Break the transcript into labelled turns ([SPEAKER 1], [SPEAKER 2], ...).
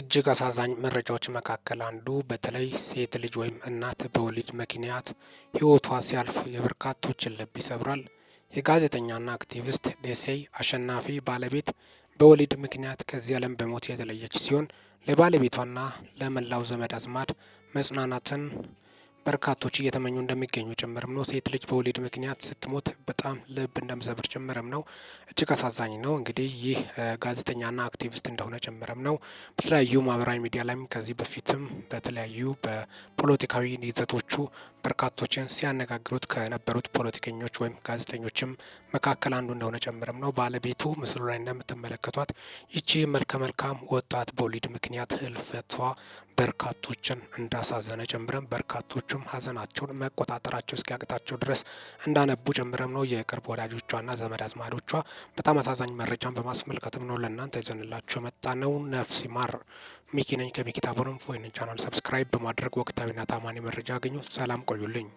[SPEAKER 1] እጅግ አሳዛኝ መረጃዎች መካከል አንዱ በተለይ ሴት ልጅ ወይም እናት በወሊድ ምክንያት ህይወቷ ሲያልፍ የበርካቶችን ልብ ይሰብራል። የጋዜጠኛና አክቲቪስት ደሴይ አሸናፊ ባለቤት በወሊድ ምክንያት ከዚህ ዓለም በሞት የተለየች ሲሆን ለባለቤቷና ለመላው ዘመድ አዝማድ መጽናናትን በርካቶች እየተመኙ እንደሚገኙ ጭምርም ነው። ሴት ልጅ በወሊድ ምክንያት ስትሞት በጣም ልብ እንደምሰብር ጭምርም ነው። እጅግ አሳዛኝ ነው። እንግዲህ ይህ ጋዜጠኛና አክቲቪስት እንደሆነ ጭምርም ነው። በተለያዩ ማህበራዊ ሚዲያ ላይም ከዚህ በፊትም በተለያዩ በፖለቲካዊ ይዘቶቹ በርካቶችን ሲያነጋግሩት ከነበሩት ፖለቲከኞች ወይም ጋዜጠኞችም መካከል አንዱ እንደሆነ ጨምርም ነው። ባለቤቱ ምስሉ ላይ እንደምትመለከቷት ይቺ መልከ መልካም ወጣት በወሊድ ምክንያት ህልፈቷ በርካቶችን እንዳሳዘነ ጨምረም በርካቶቹም ሀዘናቸውን መቆጣጠራቸው እስኪያቅታቸው ድረስ እንዳነቡ ጨምረም ነው። የቅርብ ወዳጆቿና ዘመድ አዝማዶቿ በጣም አሳዛኝ መረጃን በማስመልከትም ነው ለእናንተ ይዘንላቸው መጣ ነው። ነፍስ ይማር። ሚኪነኝ ከሚኪታ ቦረንፎ። ይህንን ቻናል ሰብስክራይብ በማድረግ ወቅታዊና ታማኒ መረጃ አገኙ። ሰላም ቆዩልኝ።